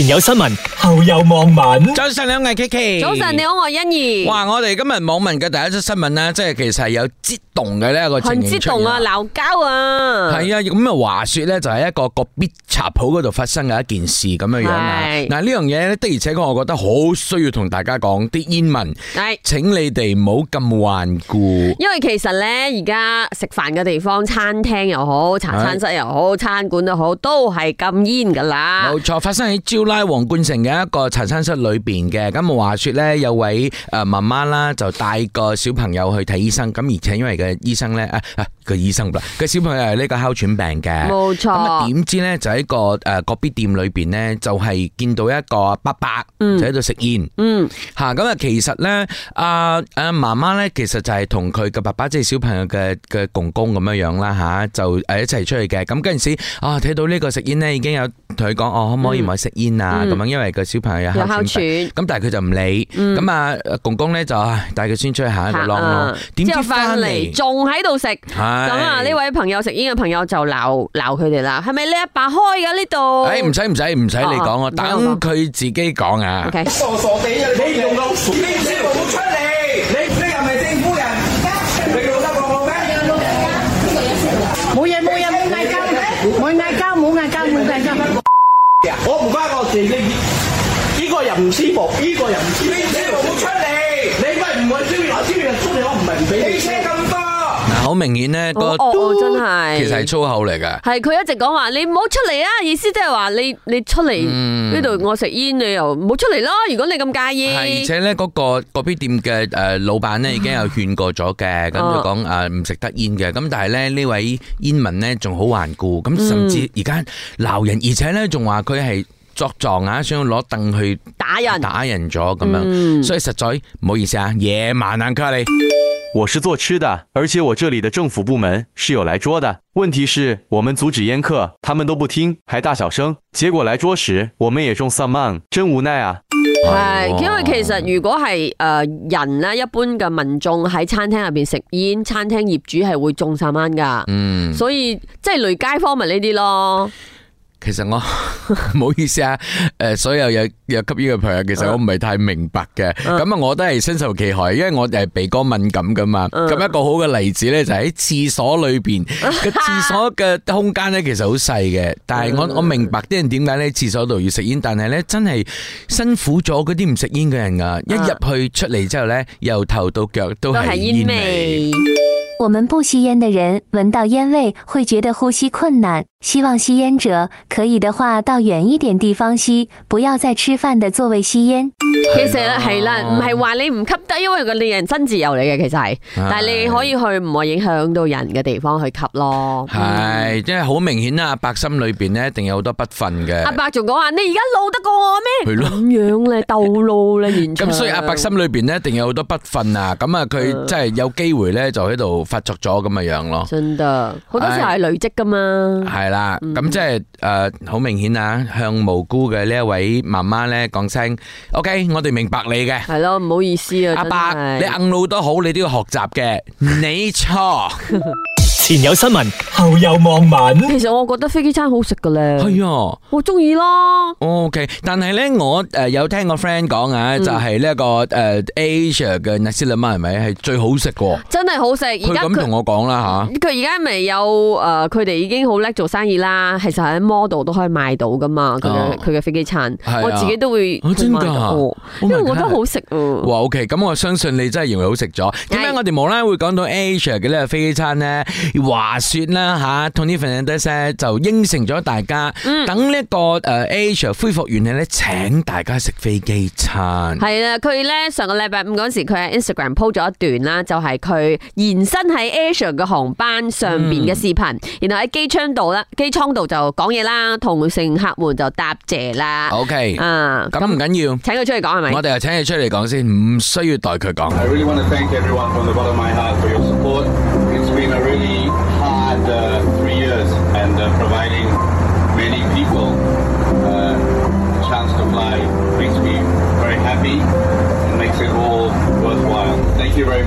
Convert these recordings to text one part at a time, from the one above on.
前有新聞，後有網民。早晨，你好，我係 KK。早晨，你好，我係欣怡。哇，我哋今日網民嘅第一則新聞呢，即係其實係有很動嘅咧個鬧交係啊咁啊，啊！話説咧，就係一個個必插鋪嗰度發生嘅一件事咁樣樣啊。嗱呢樣嘢咧的而且確，我覺得好需要同大家講啲煙民，請你哋唔好咁頑固。因為其實咧，而家食飯嘅地方，餐廳又好，茶餐室又好，餐館又好，都係禁煙噶啦。冇錯，發生喺招拉皇冠城嘅一個茶餐室裏邊嘅。咁話説咧，有位誒媽媽啦，就帶個小朋友去睇醫生。咁而且因為佢誒，醫生咧，啊啊個醫生唔個小朋友係呢個哮喘病嘅，冇錯。咁點知咧就喺個誒隔壁店裏邊咧，就係、是、見到一個伯伯，就喺度食煙，嗯，吓咁、嗯、啊。其實咧，阿誒媽媽咧，其實就係同佢嘅爸爸，即、就、係、是、小朋友嘅嘅公公咁樣樣啦，吓、啊、就誒一齊出去嘅。咁嗰陣時啊，睇、啊、到個煙呢個食煙咧，已經有同佢講哦，可唔可以唔好食煙啊？咁、嗯、樣，因為個小朋友有哮喘，咁、嗯、但係佢就唔理。咁、嗯、啊，公公咧就帶佢先出去下一個行下路咯。點知翻嚟？仲喺度食，咁啊呢位朋友食煙嘅朋友就鬧鬧佢哋啦，係咪你阿爸開嘅呢度？哎，唔使唔使唔使你講，我等佢自己講啊。傻傻地，你用到邊條款出嚟？你你係咪政府人？你老得講冇咩？冇嘢冇嘢，唔嗌交，唔嗌交，冇嗌交，唔嗌交。我唔關我自己，呢個人唔舒服。好明顯咧，都真係其實係粗口嚟㗎。係佢一直講話你唔好出嚟啊，意思即係話你你出嚟呢度我食煙，你又唔好出嚟咯。如果你咁介意，係而且咧，嗰個嗰邊店嘅誒老闆咧已經有勸過咗嘅，咁就講誒唔食得煙嘅。咁但係咧，呢位煙民咧仲好頑固，咁甚至而家鬧人，而且咧仲話佢係作狀啊，想要攞凳去打人，打人咗咁樣。所以實在唔好意思啊，野蠻男咖你。我是做吃的，而且我這裏的政府部門是有來捉的。問題是我們阻止煙客，他們都不聽，還大小聲。結果來捉時，我們也中三蚊，真無奈啊！係、哎，因為其實如果係誒人咧，一般嘅民眾喺餐廳入邊食煙，餐廳業主係會中三蚊噶。嗯，所以即係雷街坊咪呢啲咯。其實我唔好意思啊，誒，所有有有吸煙嘅朋友，其實我唔係太明白嘅。咁啊，我都係深受其害，因為我係鼻哥敏感噶嘛。咁、uh, 一個好嘅例子咧，就喺、是、廁所裏邊，個、uh, 廁所嘅空間咧，其實好細嘅。但係我、uh, 我明白啲人點解咧，廁所度要食煙，但係咧真係辛苦咗嗰啲唔食煙嘅人啊！一入去出嚟之後咧，由頭到腳都係煙味。我們不吸煙的人聞到煙味會覺得呼吸困難。希望吸煙者可以的話到遠一點地方吸，不要在吃飯的座位吸煙，啊。其實係啦，唔係話你唔吸得，因為個你人身自由嚟嘅，其實係。但係你可以去唔會影響到人嘅地方去吸咯。係，即係好明顯啊，阿伯心裏邊呢一定有好多不忿嘅。阿伯仲講話，你而家老得過我咩？咁樣咧，鬥 老咧，現。咁所以阿伯心裏邊呢一定有好多不忿啊。咁啊，佢真係有機會咧就喺度。發作咗咁嘅樣咯，真得好多時係累積噶嘛，係啦，咁即係誒，好明顯啊，向無辜嘅呢一位媽媽咧講聲，OK，我哋明白你嘅，係咯，唔好意思啊，阿伯，你硬路都好，你都要學習嘅，你錯。前有新聞，後有網民。其實我覺得飛機餐好食噶啦。係啊，我中意啦。OK，但係咧，我誒、呃、有聽個 friend 講啊，嗯、就係呢一個誒、呃、Asia 嘅 Nasi Lemak 係咪係最好食噶？真係好食！而家咁同我講啦吓。佢而家咪有誒，佢、呃、哋已經好叻做生意啦。其實喺 model 都可以賣到噶嘛。佢嘅佢嘅飛機餐、啊，我自己都會的、哦真的。因為我覺得好食喎。OK 咁我相信你真係認為好食咗。點解我哋無啦會講到 Asia 嘅呢個飛機餐咧？話說啦吓，Tony Fernandez 就應承咗大家，等呢個誒 Asia 恢復完呢，請大家食飛機餐。係啦，佢咧上個禮拜五嗰時，佢喺 Instagram 鋪咗一段啦，就係佢延伸喺 Asia 嘅航班上邊嘅視頻，然後喺機窗度啦，機艙度就講嘢啦，同乘客們就答謝啦。OK，啊，咁唔緊要，請佢出嚟講係咪？我哋就請佢出嚟講先，唔需要代佢講。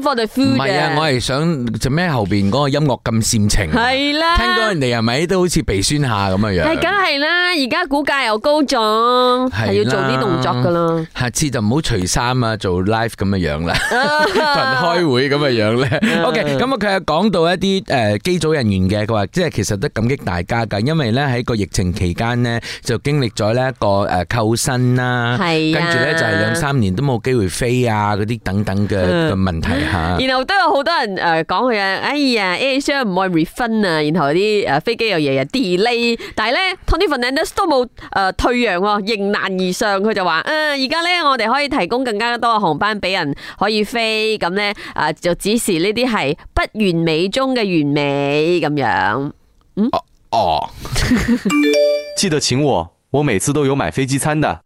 唔係啊！我係想做咩？後邊嗰個音樂咁煽情，係啦，聽到人哋係咪都好似鼻酸下咁嘅樣？係梗係啦！而家股價又高咗，係要做啲動作噶咯。下次就唔好除衫啊，做 live 咁嘅樣啦，群開會咁嘅樣咧。OK，咁啊，其實講到一啲誒機組人員嘅，佢話即係其實都感激大家噶，因為咧喺個疫情期間咧，就經歷咗咧一個誒扣薪啦，係啊，跟住咧就係兩三年都冇機會飛啊，嗰啲等等嘅嘅問題啊。然後都有好多人誒講佢啊，哎呀，AirAsia 唔可以 refund 啊，然後啲誒飛機又日日 delay，但係咧，Tony Fernandes 都冇誒、呃、退讓喎、哦，迎難而上，佢就話，嗯、呃，而家咧我哋可以提供更加多嘅航班俾人可以飛，咁咧誒就指示呢啲係不完美中嘅完美咁樣，嗯哦，哦 記得請我，我每次都有買飛機餐的。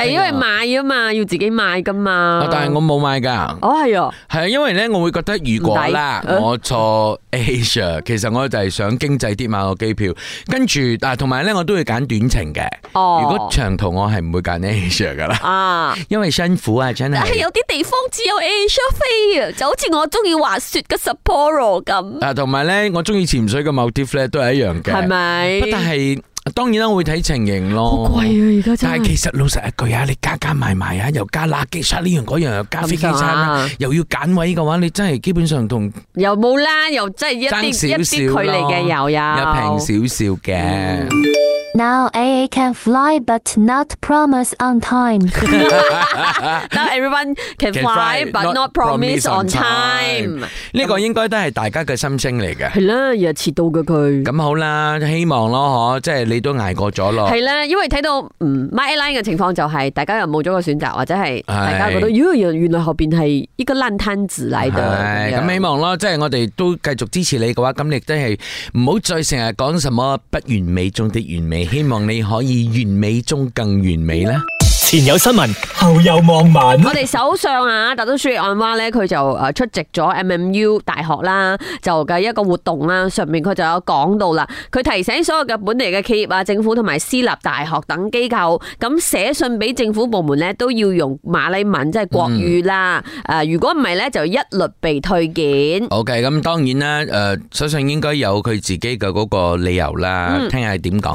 係因為買啊嘛，要自己買噶嘛。但係我冇買噶。哦係啊。係啊，因為咧我會覺得如果啦，我坐 Asia，其實我就係想經濟啲買個機票，跟住啊同埋咧我都會揀短程嘅。哦。如果長途我係唔會揀 Asia 噶啦。啊。因為辛苦啊，真係。但係有啲地方只有 Asia 飛啊，就好似我中意滑雪嘅 Sapporo 咁。啊，同埋咧我中意潛水嘅 Motif 都係一樣嘅。係咪？但係。當然啦，我會睇情形咯。好貴啊，而家真係。但係其實老實一句啊，你加加埋埋啊，又加垃圾車呢樣嗰樣又加飛機餐，又要揀位嘅話，你真係基本上同又冇啦，又真係一啲一啲距離嘅又有，又平少少嘅。嗯 Now AA can fly but not promise on time。Now everyone can fly but not promise on time。呢個應該都係大家嘅心聲嚟嘅。係啦，又遲到嘅佢。咁好啦，希望咯，嗬，即係你都捱過咗咯。係啦，因為睇到嗯 Myline 嘅情況就係大家又冇咗個選擇，或者係大家覺得，咦，原原來後邊係一個爛攤子嚟嘅。咁希望咯，即係我哋都繼續支持你嘅話，咁你都係唔好再成日講什麼不完美中的完美。希望你可以完美中更完美啦。前有新聞，後有網民。我哋首相啊，達都舒爾安娃咧，佢就誒出席咗 MMU 大學啦，就嘅一個活動啦。上面佢就有講到啦，佢提醒所有嘅本地嘅企業啊、政府同埋私立大學等機構，咁寫信俾政府部門咧，都要用馬來文，即係國語啦。誒，如果唔係咧，就一律被退件。OK，咁當然啦，誒，首相應該有佢自己嘅嗰個理由啦。聽下點講。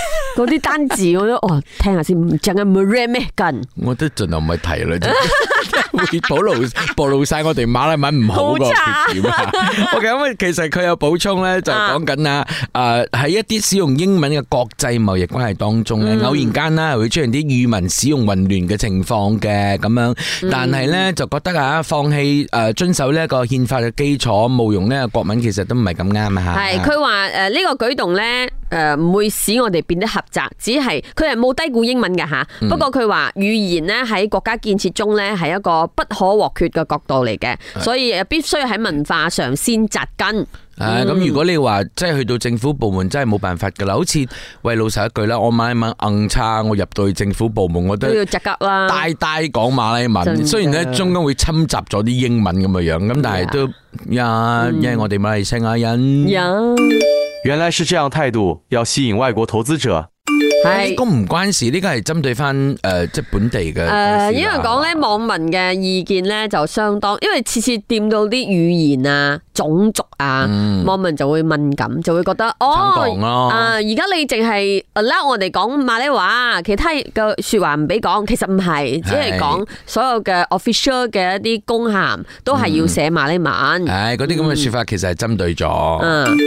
嗰啲單字，我都哦聽下先，仲有咩咩根？我都盡量唔係提啦，會暴露暴露晒我哋馬來文唔好個缺點。我咁啊，其實佢有補充咧，就係講緊啊，誒喺一啲使用英文嘅國際貿易關係當中咧，偶然間啦會出現啲語文使用混亂嘅情況嘅咁樣，但係咧就覺得啊，放棄誒遵守呢一個憲法嘅基礎，冒用呢個國文，其實都唔係咁啱啊。係佢話誒呢個舉動咧。誒，唔會使我哋變得狹窄，只係佢係冇低估英文嘅吓。不過佢話語言咧喺國家建設中咧係一個不可或缺嘅角度嚟嘅，所以誒必須喺文化上先扎根。誒，咁如果你話即係去到政府部門真係冇辦法噶啦，好似喂，老實一句啦，我馬來文硬叉，我入到去政府部門，我都要夾夾啦，大大講馬來文。雖然咧中間會侵襲咗啲英文咁嘅樣，咁但係都引因為我哋馬來西亞人啊引引。原來是這樣的態度，要吸引外國投資者。係，咁唔關事，呢個係針對翻誒，即係本地嘅。誒，因為講咧網民嘅意見咧就相當，因為次次掂到啲語言啊、種族啊，網民就會敏感，就會覺得、嗯、哦，啊，而、呃、家你淨係 allow 我哋講馬來話，其他嘅說話唔俾講。其實唔係，只係講所有嘅 official 嘅一啲公函都係要寫馬來文。係、嗯，嗰啲咁嘅說法其實係針對咗。嗯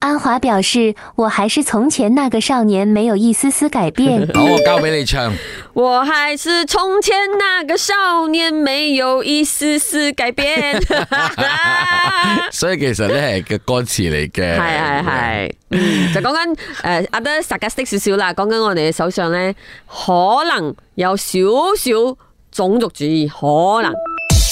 安華表示：“我還是從前那個少年，沒有一絲絲改變。”好，我交俾你唱。 我還是從前那個少年，沒有一絲絲改變。 所以其實呢係個歌詞嚟嘅。係係係，就講緊誒阿德實格識少少啦，講緊我哋嘅手上咧，可能有少少種族主義，可能。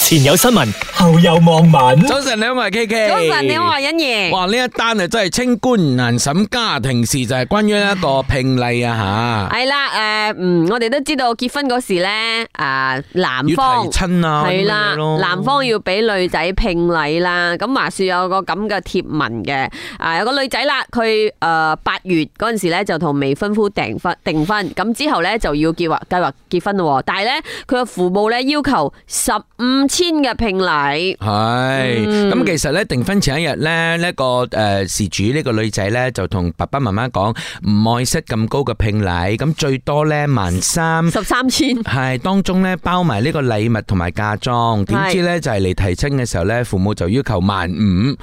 前有新聞，後有網民。早晨，兩位 K K。早晨，兩位欣怡。哇，呢一單啊真係清官難審家庭事，就係關於一個聘禮啊吓。係啦，誒，嗯，我哋都知道結婚嗰時咧，啊，男方要提親啊，係啦，男方要俾女仔聘禮啦。咁話說有個咁嘅貼文嘅，啊，有個女仔啦，佢誒八月嗰陣時咧就同未婚夫訂婚，訂婚咁之後咧就要計劃計劃結婚咯。但係咧，佢嘅父母咧要求十五千嘅聘禮係，咁其實咧訂婚前一日咧，呢個誒事主呢個女仔咧就同爸爸媽媽講唔愛惜咁高嘅聘禮，咁最多咧萬三十三千，係當中咧包埋呢個禮物同埋嫁妝，點知咧就係嚟提親嘅時候咧，父母就要求萬五，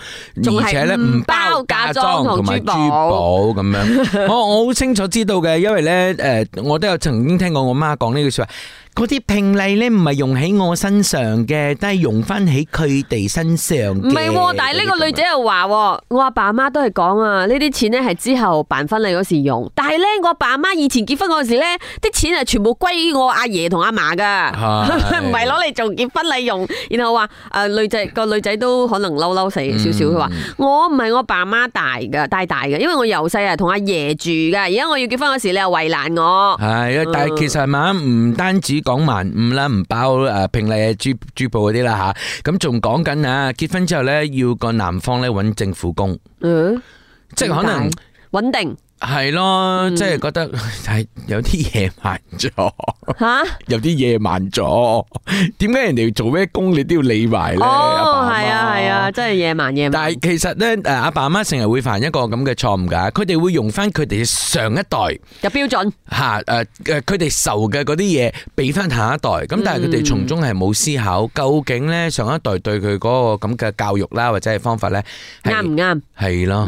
而且咧唔包。嫁妝同埋珠寶咁樣，我我好清楚知道嘅，因為咧誒，我都有曾經聽過我媽講呢句說話，嗰啲聘禮咧唔係用喺我身上嘅，但係用翻喺佢哋身上嘅。唔係，但係呢個女仔又話，我阿爸阿媽都係講啊，呢啲錢咧係之後辦婚禮嗰時用。但係咧，我阿爸阿媽以前結婚嗰時咧，啲錢係全部歸我阿爺同阿嫲噶，唔係攞嚟做結婚禮用。然後話誒，女仔個女仔都可能嬲嬲死少少，佢話我唔係我爸，媽大嘅，大大嘅，因為我由細啊同阿爺住嘅，而家我要結婚嗰時，你又為難我。係啊，但係其實啊，唔單止講萬五啦，唔包誒聘禮、珠珠寶嗰啲啦吓，咁仲講緊啊，結婚之後咧要個男方咧搵政府工，即係可能穩定。係咯，即係覺得係有啲野蠻咗，吓有啲野蠻咗。點解人哋要做咩工你都要理埋咧？哦，係啊，係啊，真係野蠻野蠻。但係其實咧，誒，阿爸阿媽成日會犯一個咁嘅錯誤噶，佢哋會用翻佢哋上一代嘅標準吓，誒，誒，佢哋受嘅嗰啲嘢俾翻下一代。咁但係佢哋從中係冇思考，究竟咧上一代對佢嗰個咁嘅教育啦，或者係方法咧啱唔啱？係咯。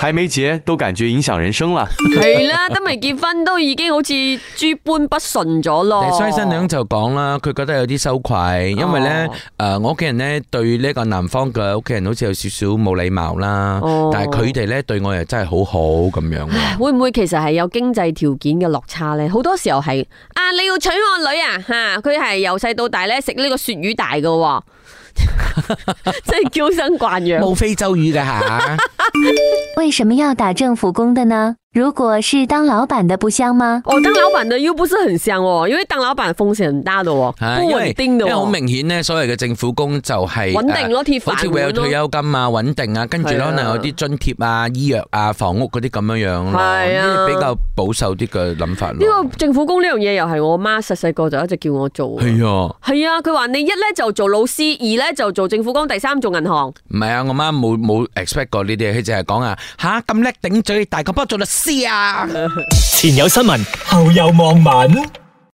還沒結都感覺影響人生啦，啊，係啦，都未結婚都已經好似豬般不順咗咯。所以新娘就講啦，佢覺得有啲羞愧，因為咧，誒、哦呃，我屋企人咧對呢個男方嘅屋企人好似有少少冇禮貌啦，哦，但係佢哋咧對我又真係好好咁樣。會唔會其實係有經濟條件嘅落差咧？好多時候係啊，你要娶我女啊，吓，啊，佢係由細到大咧食呢個鱈魚大噶，啊， 真係嬌生慣養，冇非洲魚嘅吓。啊 為什麼要打政府工的呢？如果是當老闆的不香嗎？哦，當老闆的又不是很香哦，因為當老闆風險很大咯，係、啊哦、因為好明顯呢。所謂嘅政府工就係、是、穩定咯、啊，好似會有退休金啊、穩定啊，跟住可能有啲津貼啊、醫藥啊、房屋嗰啲咁樣樣咯，啲、啊、比較保守啲嘅諗法咯。呢、這個政府工呢樣嘢又係我媽細細個就一直叫我做，係啊，係啊，佢話你一咧就做老師，二咧就做政府工，第三做銀行。唔係啊，我媽冇冇 expect 過呢啲。佢就係講啊吓，咁叻頂嘴，大個幫我做律師啊！ 前有新聞，後有網民。